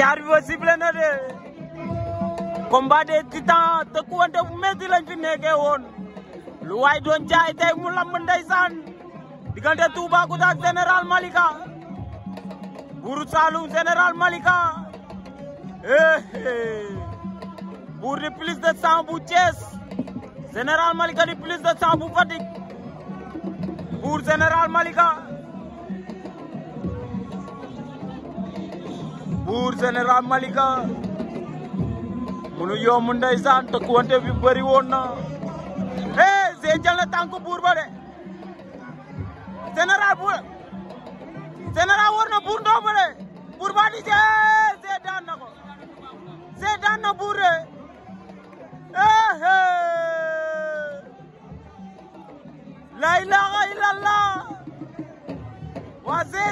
jaar bi ba sible na de combat des titans tëkkuwante bu metti lañ fi nekkee woon lu waay doon jaay tey mu lamb ndeysaan diggante Toubacouta ak général Malika buuru Saloum général Malika eh, eh. buur di plus de cent bu Thiès général Malika di plus de cent bu buur général Malika buur général Malika munu yomb ndeysaan tëkkuwante bëri woon na eh Zé na tànk buur ba de général bu général war na buur ndox de buur ba di Zé Zé na ko Zé daan na buur de eh, eh. la waa Zé